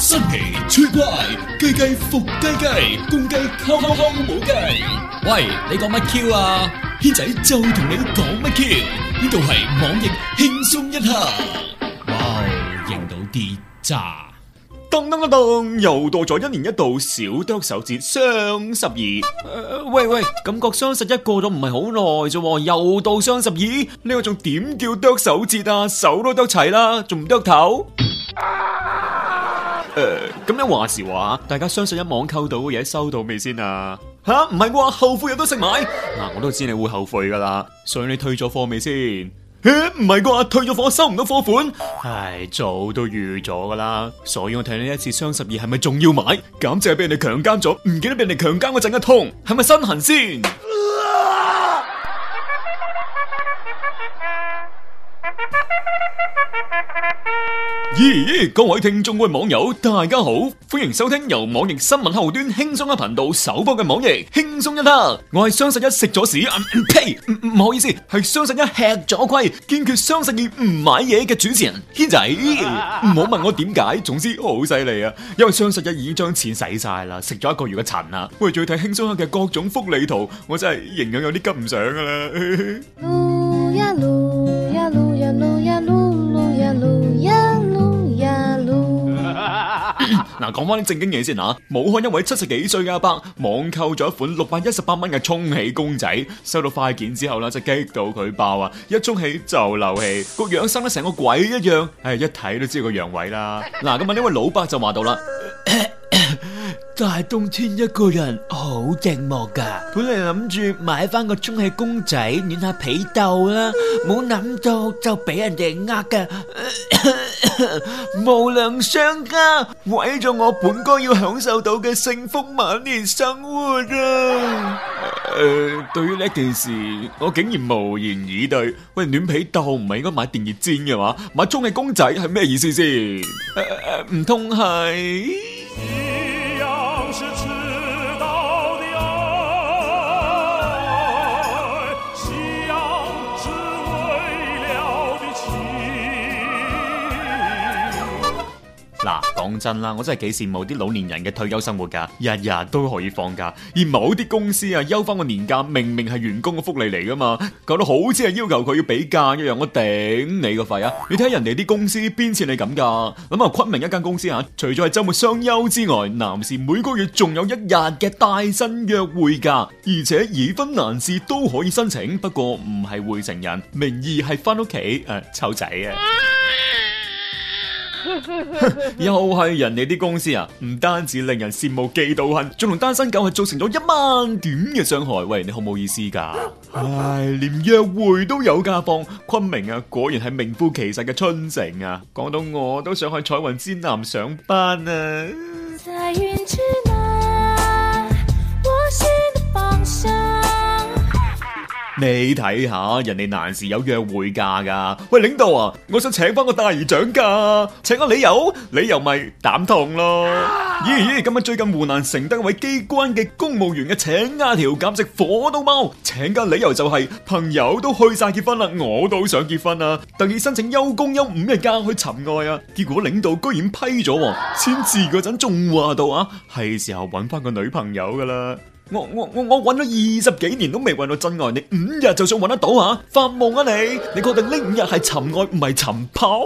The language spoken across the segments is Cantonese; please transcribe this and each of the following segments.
新奇出怪，雞雞伏雞雞，公雞敲敲敲冇雞。喂，你講乜 Q 啊？軒仔就同你講乜 Q？呢度係網易輕鬆一刻。哇，認到啲咋。當當當當，又到咗一年一度小剁手節，雙十二。喂喂，感覺雙十一過咗唔係好耐啫，又到雙十二，呢個仲點叫剁手節啊？手都剁齊啦，仲唔剁頭？咁樣話時話，大家雙十一網購到嘅嘢收到未先啊？吓，唔係喎，後悔藥都食埋。嗱、啊，我都知你會後悔噶啦。所以你退咗貨未先？唔係啩？退咗貨收唔到貨款？唉，早都預咗噶啦。所以我睇你一次，雙十二係咪仲要買？簡直係俾人哋強奸咗，唔記得俾人哋強奸嗰陣嘅痛，係咪身痕先？咦、欸欸，各位聽眾位網友，大家好，歡迎收聽由網易新聞客戶端輕鬆一頻道首播嘅網易輕鬆一刻。我係雙十一食咗屎，呸、呃，唔、呃、唔、呃呃呃、好意思，係雙十一吃咗虧，堅決雙十二唔買嘢嘅主持人軒仔。唔好、啊、問我點解，總之好犀利啊！因為雙十一已經將錢使晒啦，食咗一個月嘅塵啦。我哋仲要睇輕鬆一嘅各種福利圖，我真係營養有啲跟唔上啊。嘿嘿嗯嗯講翻啲正經嘢先吓，武漢一位七十幾歲嘅阿伯網購咗一款六百一十八蚊嘅充氣公仔，收到快件之後啦，就激到佢爆啊！一充氣就漏氣，個樣生得成個鬼一樣，唉、哎，一睇都知道個陽痿啦！嗱，咁啊，呢位老伯就話到啦。 大冬天一個人好寂寞噶，本嚟諗住買翻個充氣公仔暖下被竇啦，冇諗到就俾人哋呃嘅，無良商家毀咗我本該要享受到嘅幸福晚年生活啊！誒，對於呢件事，我竟然無言以對。喂，暖被竇唔係應該買電熱氈嘅話？買充氣公仔係咩意思先？誒誒，唔通係？講真啦，我真係幾羨慕啲老年人嘅退休生活噶，日日都可以放假。而某啲公司啊，休翻個年假明明係員工嘅福利嚟噶嘛，搞到好似係要求佢要俾假一樣。我頂你個肺啊！你睇人哋啲公司邊似你咁噶？咁啊昆明一間公司啊，除咗係周末雙休之外，男士每個月仲有一日嘅帶薪約會假，而且已婚男士都可以申請，不過唔係會情人，名義係翻屋企誒，湊仔啊。 又係人哋啲公司啊！唔單止令人羨慕嫉妒恨，仲同單身狗係造成咗一萬點嘅傷害。喂，你好冇意思噶！ 唉，連約會都有假放，昆明啊，果然係名副其實嘅春城啊！講到我都想去彩雲之南上班啊！你睇下，人哋男士有約會假噶。喂，領導啊，我想請翻個大姨丈假，請個、啊、理由，理由咪膽痛咯。啊、咦，咦，咁啊，最近湖南承德一位機關嘅公務員嘅、啊、請假條簡直火都冒，請假理由就係朋友都去晒結婚啦，我都想結婚啦、啊，特意申請休公休五日假去尋愛啊。結果領導居然批咗，簽字嗰陣仲話到啊，係時候揾翻個女朋友噶啦。我我我我揾咗二十幾年都未揾到真愛，你五日就想揾得到吓、啊？發夢啊你！你確定呢五日係尋愛唔係尋炮？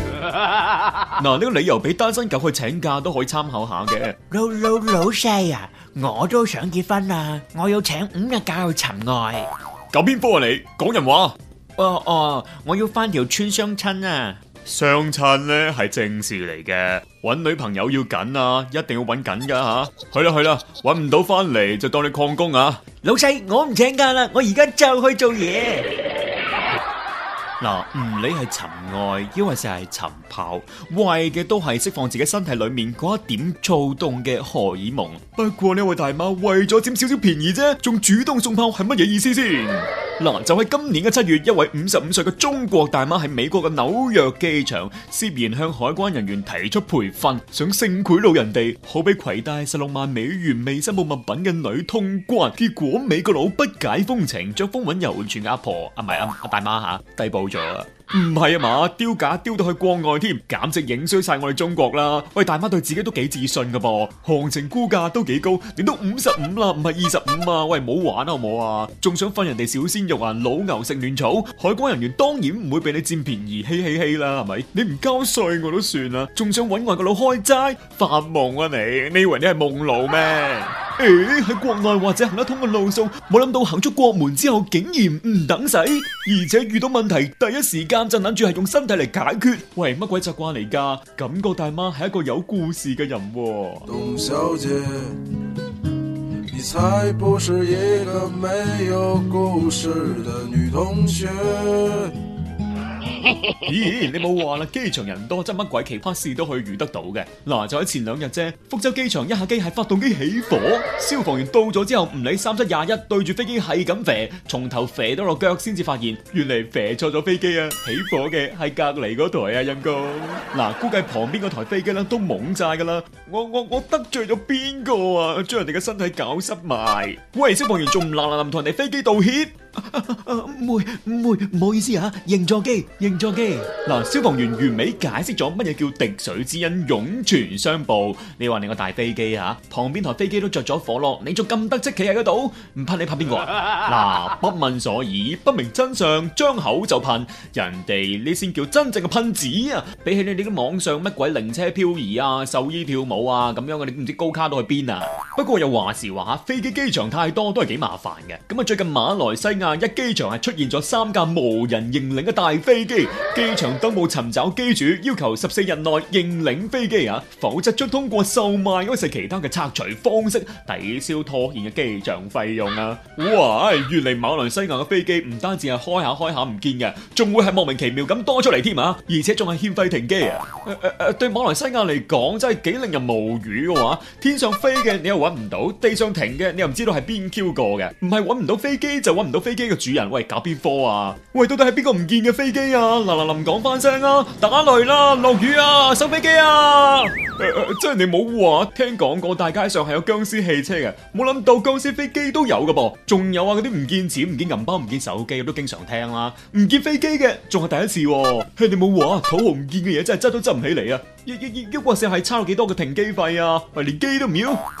嗱，呢、 啊呢個理由俾單身狗去請假都可以參考下嘅。老老老細啊，我都想結婚啦、啊，我要請五日假去尋愛。搞邊科啊你？講人話。哦哦、啊啊，我要翻條村相親啊！相親咧，係正事嚟嘅，搵女朋友要緊啊，一定要搵緊噶吓、啊。去啦去啦，搵唔到翻嚟，就當你曠工啊！老細，我唔請假啦，我而家就去做嘢。嗱，唔理係尋愛，抑或是係尋炮，為嘅都係釋放自己身體裏面嗰一點躁動嘅荷爾蒙。不過呢位大媽為咗佔少，少少便宜啫，仲主動送炮係乜嘢意思先？嗱、啊，就喺、是、今年嘅七月，一位五十五歲嘅中國大媽喺美國嘅紐約機場，涉嫌向海關人員提出培訓，想性賄賂人哋，好俾攜帶十六萬美元未申報物品嘅女通關。結果美國佬不解風情，將風韻猶存阿婆，啊唔係啊，阿、啊、大媽吓、啊，逮捕咗。唔係啊嘛，丟架丟到去國外添，簡直影衰晒我哋中國啦！喂，大媽對自己都幾自信噶噃，行情估價都幾高，你都五十五啦，唔係二十五啊！喂，冇玩啊，好唔好啊？仲想瞓人哋小鮮肉啊？老牛食嫩草，海關人員當然唔會俾你佔便宜，嘿嘿嘿啦，係咪？你唔交稅我都算啦，仲想搵外國佬開齋，發夢啊你？你以為你係夢佬咩？誒，喺、欸、國內或者行得通嘅路數，冇諗到行出國門之後，竟然唔等死。而且遇到問題第一時間就諗住係用身體嚟解決。喂，乜鬼習慣嚟㗎？感覺大媽係一個有故事嘅人喎。董小姐，你才不是一個沒有故事嘅女同學。咦、欸，你冇話啦，機場人多，真乜鬼奇葩事都可以遇得到嘅。嗱、啊，就喺前兩日啫，福州機場一下機係發動機起火，消防員到咗之後，唔理三七廿一，21，對住飛機係咁啡，從頭啡到落腳先至發現，原嚟啡錯咗飛機啊！起火嘅係隔籬嗰台啊，陰公。嗱、啊，估計旁邊嗰台飛機咧、啊、都懵晒噶啦。我我我得罪咗邊個啊？將人哋嘅身體搞濕埋。喂，消防員仲唔嗱嗱臨同人哋飛機道歉？唔會唔會，唔好意思啊！認錯機，認錯機。嗱，消防員完美解釋咗乜嘢叫滴水之恩湧泉相報。你話你個大飛機啊，旁邊台飛機都着咗火咯，你仲咁得戚企喺嗰度，唔噴你噴邊個啊？嗱，不問所以，不明真相，張口就噴，人哋呢先叫真正嘅噴子啊！比起你哋啲網上乜鬼靈車漂移啊、獸醫跳舞啊咁樣嘅，你唔知高卡到去邊啊？不過又話時話吓，飛機機場太多都係幾麻煩嘅。咁啊，最近馬來西亞。一機場係出現咗三架無人認領嘅大飛機，機場都冇尋找機主，要求十四日內認領飛機啊，否則將通過售賣嗰時其他嘅拆除方式抵消拖欠嘅機場費用啊！哇，原嚟馬來西亞嘅飛機唔單止係開下開下唔見嘅，仲會係莫名其妙咁多出嚟添啊！而且仲係欠費停機啊！誒誒誒，對馬來西亞嚟講真係幾令人無語喎，天上飛嘅你又搵唔到，地上停嘅你又唔知道係邊 Q 過嘅，唔係搵唔到飛機就搵唔到飛機嘅主人，喂，搞邊科啊？喂，到底係邊個唔見嘅飛機啊？嗱，嗱臨，講翻聲啦，打雷啦，落雨啊，收飛機啊！誒、呃、誒，即、呃、係你冇話，聽講過大街上係有僵屍汽車嘅，冇諗到僵屍飛機都有噶噃、啊，仲有啊嗰啲唔見錢、唔見銀包、唔見手機我都經常聽啦、啊，唔見飛機嘅，仲係第一次、啊。嘿，你冇話，土豪唔見嘅嘢真係執都執唔起嚟啊！一一一一係差咗幾多嘅停機費啊！咪連機都唔要？誒誒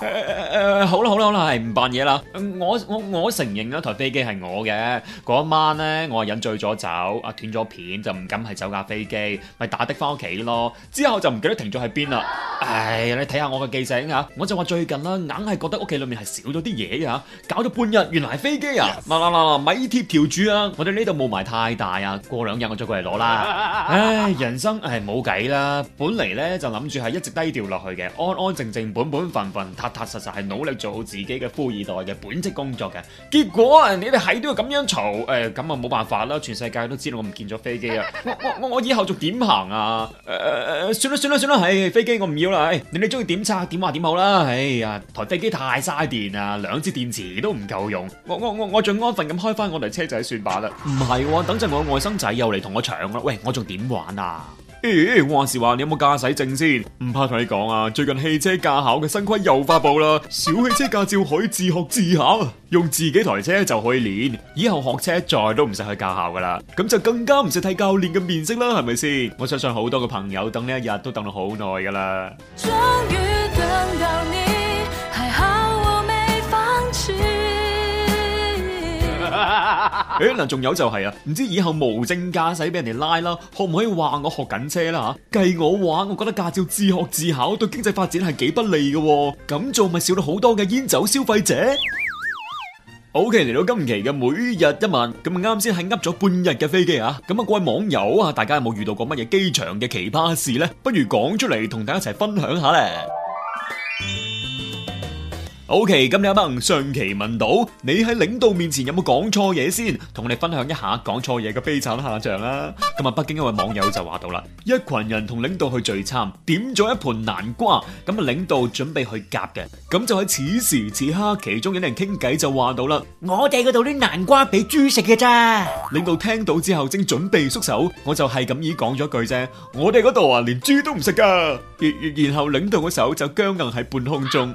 誒，好啦好啦好啦，係唔扮嘢啦！我我我承認咗台飛機係我嘅。嗰一晚咧，我係飲醉咗酒，啊斷咗片，就唔敢係走架飛機，咪打的翻屋企咯。之後就唔記得停咗喺邊啦。唉、哎，你睇下我嘅記性啊！我就話最近啦，硬係覺得屋企裡面係少咗啲嘢啊。搞咗半日，原來係飛機啊！嗱嗱嗱，咪貼條主啊！我哋呢度霧霾太大啊！過兩日我再過嚟攞啦。唉、哎，人生係冇計啦，本嚟。咧，就諗住係一直低調落去嘅，安安靜靜、本本分分、踏踏實實，係努力做好自己嘅富二代嘅本職工作嘅。結果啊，你哋係都要咁樣嘈，誒、欸，咁啊冇辦法啦，全世界都知道我唔見咗飛機啊！我我我以後仲點行啊？誒誒誒，算啦算啦算啦，係飛機我唔要啦，你哋中意點拆點話點好啦。哎呀、啊，台飛機太嘥電啦，兩支電池都唔夠用，我我我我仲安分咁開翻我台車仔算罷啦。唔係、啊，等陣我外甥仔又嚟同我搶啦，喂，我仲點玩啊？欸、話時話你有冇駕駛證先？唔怕同你講啊，最近汽車駕考嘅新規又發佈啦，小汽車駕照可以自學自考，用自己台車就可以練，以後學車再都唔使去駕校噶啦，咁就更加唔使睇教練嘅面色啦，係咪先？我相信好多嘅朋友等呢一日都等，等咗好耐噶啦。終於等到你，還好我沒放棄。誒，嗱、哎，仲有就係、是、啊，唔知以後無證駕駛俾人哋拉啦，可唔可以話我學緊車啦吓、啊？計我話，我覺得駕照自學自考對經濟發展係幾不利嘅、啊，咁做咪少咗好多嘅煙酒消費者。OK，嚟到今期嘅每日一問，咁啊啱先係噏咗半日嘅飛機啊，咁啊各位網友啊，大家有冇遇到過乜嘢機場嘅奇葩事呢？不如講出嚟同大家一齊分享下呢。O.K.，咁你可能上期問到你喺領導面前有冇講錯嘢先，同你分享一下講錯嘢嘅悲慘下場啦。咁啊，北京一位網友就話到啦，一群人同領導去聚餐，點咗一盤南瓜，咁啊，領導準備去夾嘅，咁就喺此時此刻，其中有人傾偈就話到啦，我哋嗰度啲南瓜俾豬食嘅咋。領導聽到之後，正準備縮手，我就係咁意講咗句啫，我哋嗰度啊，連豬都唔食噶。然然後領導嘅手就僵硬喺半空中。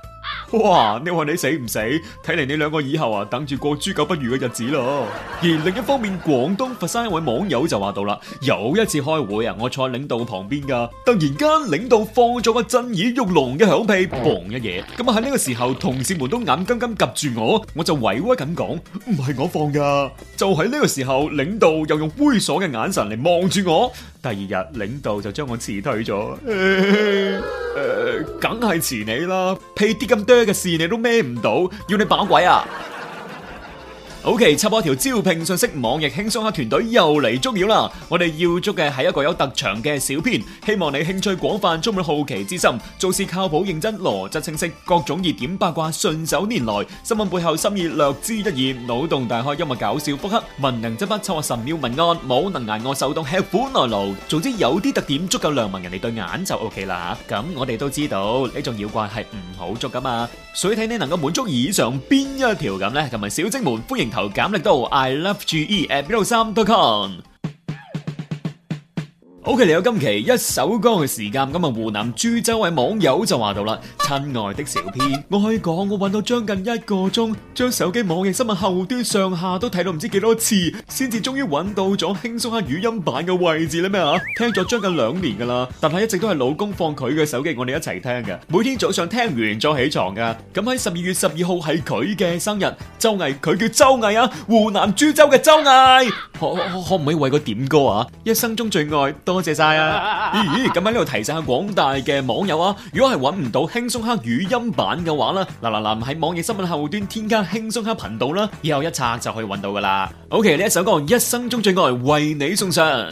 哇！你話你死唔死？睇嚟你兩個以後啊，等住過豬狗不如嘅日子咯。而另一方面，廣東佛山一位網友就話到啦：有一次開會啊，我坐喺領導旁邊噶，突然間領導放咗個震耳欲聾嘅響屁，嘣一嘢。咁啊喺呢個時候，同事們都眼金金夾住我，我就委屈咁講：唔係我放噶，就喺呢個時候，領導又用猥瑣嘅眼神嚟望住我。第二日，領導就將我辭退咗。誒、欸，梗係辭你啦！屁啲咁多嘅事，你都孭唔到，要你把鬼啊！OK，插播一條招聘信息，網易輕鬆客團隊又嚟捉妖啦！我哋要捉嘅係一個有特長嘅小編，希望你興趣廣泛，充滿好奇之心，做事靠譜認真，邏輯清晰，各種熱點八卦順手拈來，新聞背後深意略知一二，腦洞大開，幽默搞笑，腹黑文能執筆湊下神妙文案，冇能挨餓受凍吃苦耐勞。總之有啲特點足夠亮明人哋對眼就 OK 啦吓。咁我哋都知道呢種妖怪係唔好捉噶嘛。所以睇你能夠滿足以上邊一條咁咧？同埋小精們歡迎投簡歷到 i love GE at blue3 dot com。OK，嚟到今期一首歌嘅時間，咁啊，湖南株洲位網友就話到啦：親愛的小編，我可以講，我搵到將近一個鐘，將手機網易新聞後端上下都睇到唔知幾多次，先至終於搵到咗輕鬆下語音版嘅位置啦咩吓？聽咗將近兩年噶啦，但係一直都係老公放佢嘅手機，我哋一齊聽噶，每天早上聽完再起床噶。咁喺十二月十二號係佢嘅生日，周毅，佢叫周毅啊，湖南株洲嘅周毅，可可可唔可以為我點歌啊？一生中最愛。多謝晒啊！咦、哎，咁喺呢度提醒下廣大嘅網友啊，如果係揾唔到輕鬆黑語音版嘅話咧，嗱嗱嗱，喺網頁新聞後端添加輕鬆黑頻道啦，以後一冊就可以揾到噶啦。OK，呢一首歌《一生中最愛》為你送上。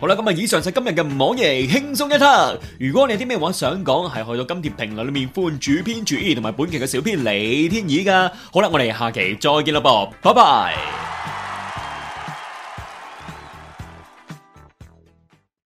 好啦，咁啊，以上就今日嘅網易，輕鬆一刻。如果你有啲咩話想講，係去到今帖評論裏面，歡主編主意同埋本期嘅小編李天意噶。好啦，我哋下期再見啦，噃，拜拜。